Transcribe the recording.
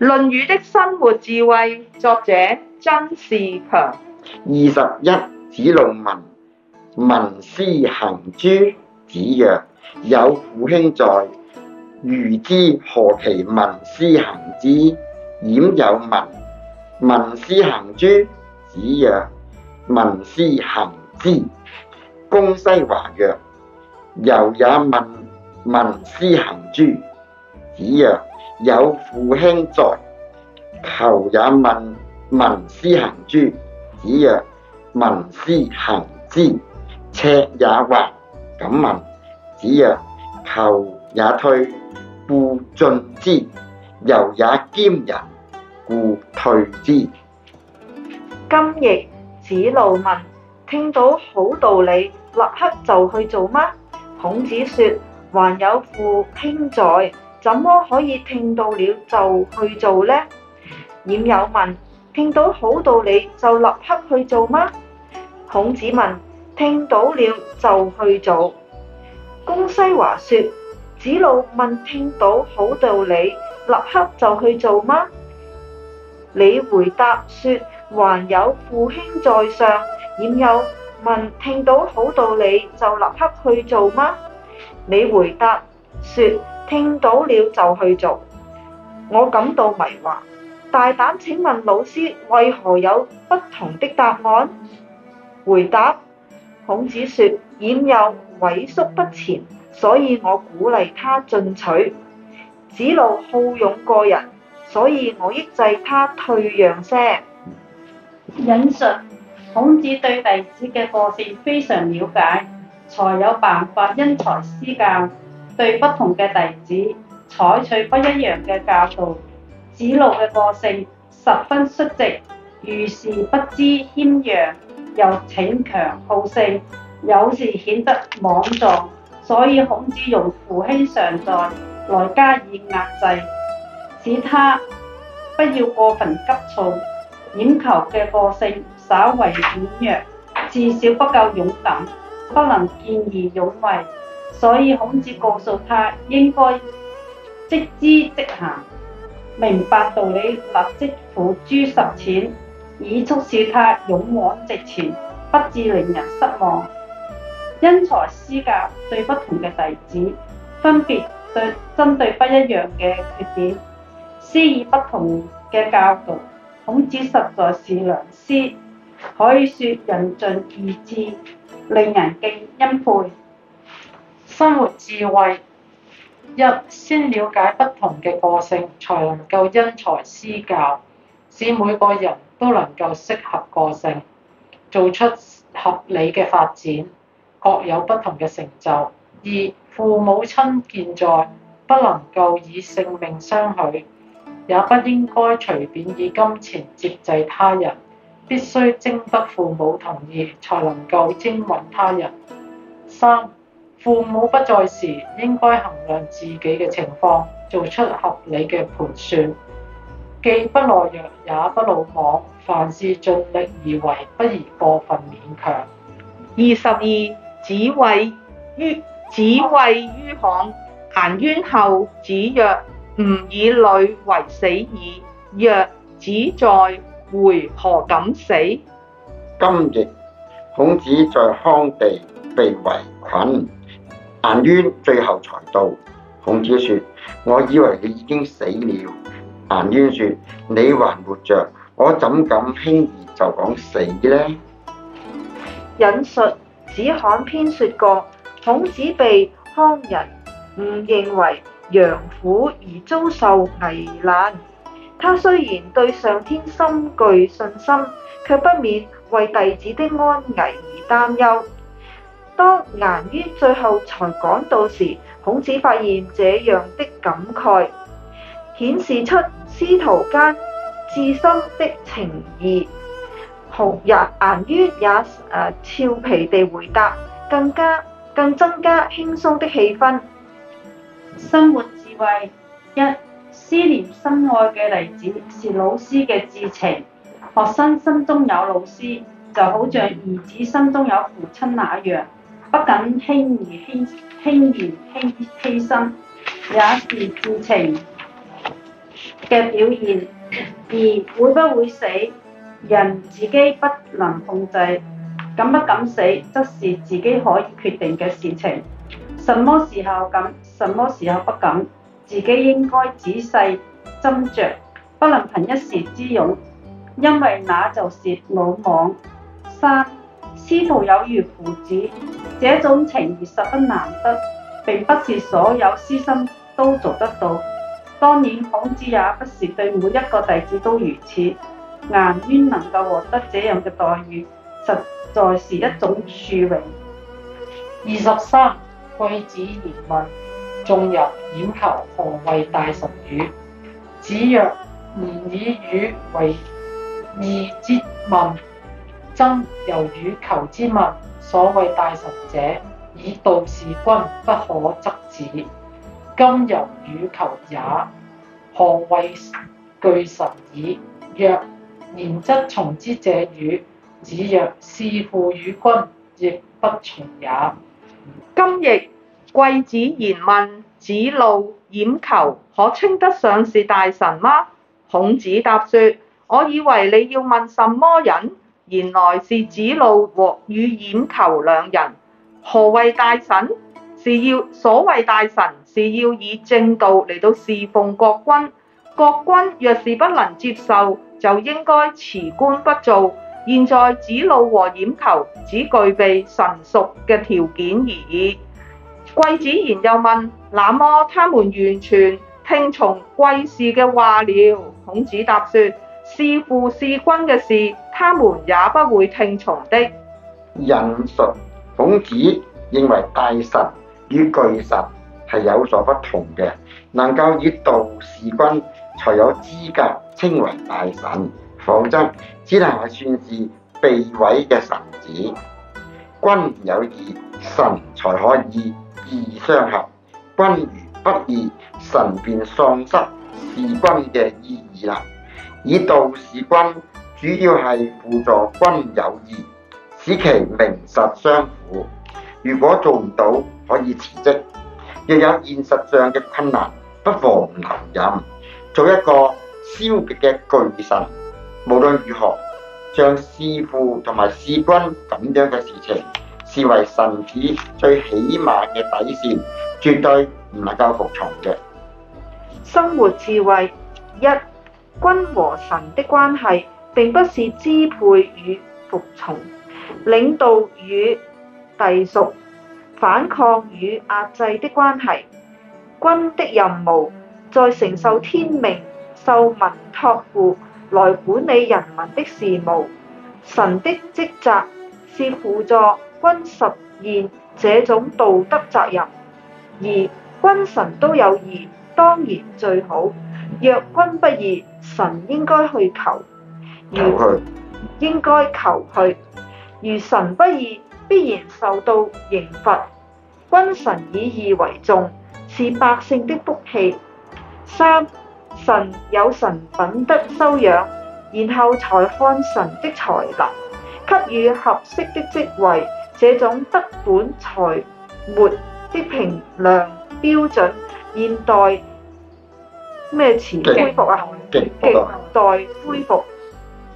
《論語》的生活智慧，作者曾仕強。二十一，子路問：文思行諸？子曰：有父兄在，如之何其文思行之？掩有文，文思行諸？子曰：文思行之。公西華曰：由也問：文思行諸？子曰。有父兄在，求也問，聞斯行諸？子曰：聞斯行之。赤也惑，敢問？子曰：求也退，故進之；由也兼人，故退之。今亦子路問：聽到好道理，立刻就去做嗎？孔子說：還有父兄在。怎麼可以聽到了就去做呢？冉有問，聽到好道理就立刻去做嗎？孔子問，聽到了就去做。公西華說，子路問，聽到好道理立刻就去做嗎？你回答說，還有父兄在上。冉有問，聽到好道理就立刻去做嗎？你回答說。聽到了就去做，我感到迷惑。大膽請問老師，為何有不同的答案？回答，孔子說，冉有萎縮不前，所以我鼓勵他進取；子路好勇過人，所以我抑制他退讓些。引述孔子對弟子嘅個性非常了解，才有辦法因材施教。對不同嘅弟子採取不一樣嘅教導，子路嘅個性十分率直，遇事不知謙讓，又逞強好勝，有時顯得莽撞，所以孔子用父兄常在來加以壓制，使他不要過分急躁。冉求嘅個性稍為軟弱，至少不夠勇敢，不能見義勇為。所以孔子告訴他應該即知即行，明白道理立即付諸實踐，以促使他勇往直前，不致令人失望。因材施教，對不同嘅弟子，分別對針對不一樣嘅缺點，施以不同嘅教導。孔子實在是良師，可以說仁盡義至，令人敬欽佩。生活智慧一，先了解不同嘅個性，才能夠因材施教，使每個人都能夠適合個性，做出合理嘅發展，各有不同嘅成就。二，父母親健在，不能夠以性命相許，也不應該隨便以金錢接濟他人，必須徵得父母同意，才能夠徵允他人。三。.父母不在時，應該衡量自己嘅情況，做出合理嘅盤算，既不懦弱，也不魯莽，凡事盡力而為，不宜過分勉強。二十二，子畏於，子畏於匡，顏淵後。子曰：吾以女為死矣。曰：子在，回何敢死？今譯，孔子在匡地被圍困。顏淵最後才到。孔子說：我以為你已經死了。顏淵說：你還活着，我怎敢輕易就講死呢？引述《子罕篇》説過：孔子被匡人誤認為陽虎而遭受危難。他雖然對上天深具信心，卻不免為弟子的安危而擔憂。當顏淵最後才趕到時，孔子發現這樣的感慨，顯示出師徒間至深的情誼。紅日顏淵也，於也、呃、俏皮地回答，更加更增加輕鬆的氣氛。生活智慧一，思念深愛嘅弟子是老師嘅至情，學生心中有老師，就好像兒子心中有父親那樣。不敢輕易輕輕易輕生，也是至情嘅表現。而會不會死，人自己不能控制；敢不敢死，則是自己可以決定嘅事情。什麼時候敢，什麼時候不敢，自己應該仔細斟酌，不能憑一時之勇，因為那就是魯莽。三，師徒有如父子。這種情義十分難得，並不是所有私心都做得到。當然，孔子也不是對每一個弟子都如此。顏淵能夠獲得這樣嘅待遇，實在是一種殊榮。二十三，季子然問：仲由冉求可謂大臣與？子曰：吾以予為義之問。曾由與求之問，所謂大臣者，以道事君，不可則止。今由與求也，何謂具臣矣？曰：言則從之者與？子曰：弒父與君亦不從也。今亦「季子然問，子路冉求，可稱得上是大臣嗎？孔子答說：我以為你要問什麼人？原來是子路和與冉求兩人。何謂大臣？是要所謂大臣是要以正道嚟到侍奉國君。國君若是不能接受，就應該辭官不做。現在子路和冉求只具備臣屬嘅條件而已。季子言又問：那麼他們完全聽從季氏嘅話了？孔子答説：是父是君嘅事。他們也不會聽從的。人術，孔子認為大臣與具臣係有所不同嘅，能夠以道事君，才有資格稱為大臣，否則只能係算是被毀嘅臣子。君有義，臣才可以義相合；君如不義，臣便喪失事君嘅意義啦。以道事君。主要係輔助君有義，使其名實相符。如果做唔到，可以辭職；若有現實上嘅困難，不妨留任。做一個消極嘅具臣，無論如何，將弒父同埋弒君咁樣嘅事情視為臣子最起碼嘅底線，絕對唔能夠服從嘅。生活智慧一：君和臣的關係。並不是支配與服從、領導與隸屬、反抗與壓制的關係。君的任務在承受天命、受民託付，來管理人民的事務。臣的職責是輔助君實現這種道德責任。而君臣都有義，當然最好。若君不義，臣應該去求。二應該求去，如神不義，必然受到刑罰。君臣以義為重，是百姓的福氣。三神有神品德修養，然後才看神的才能，給予合適的職位。這種德本才末的評量標準，現代咩詞恢復啊？極待恢復。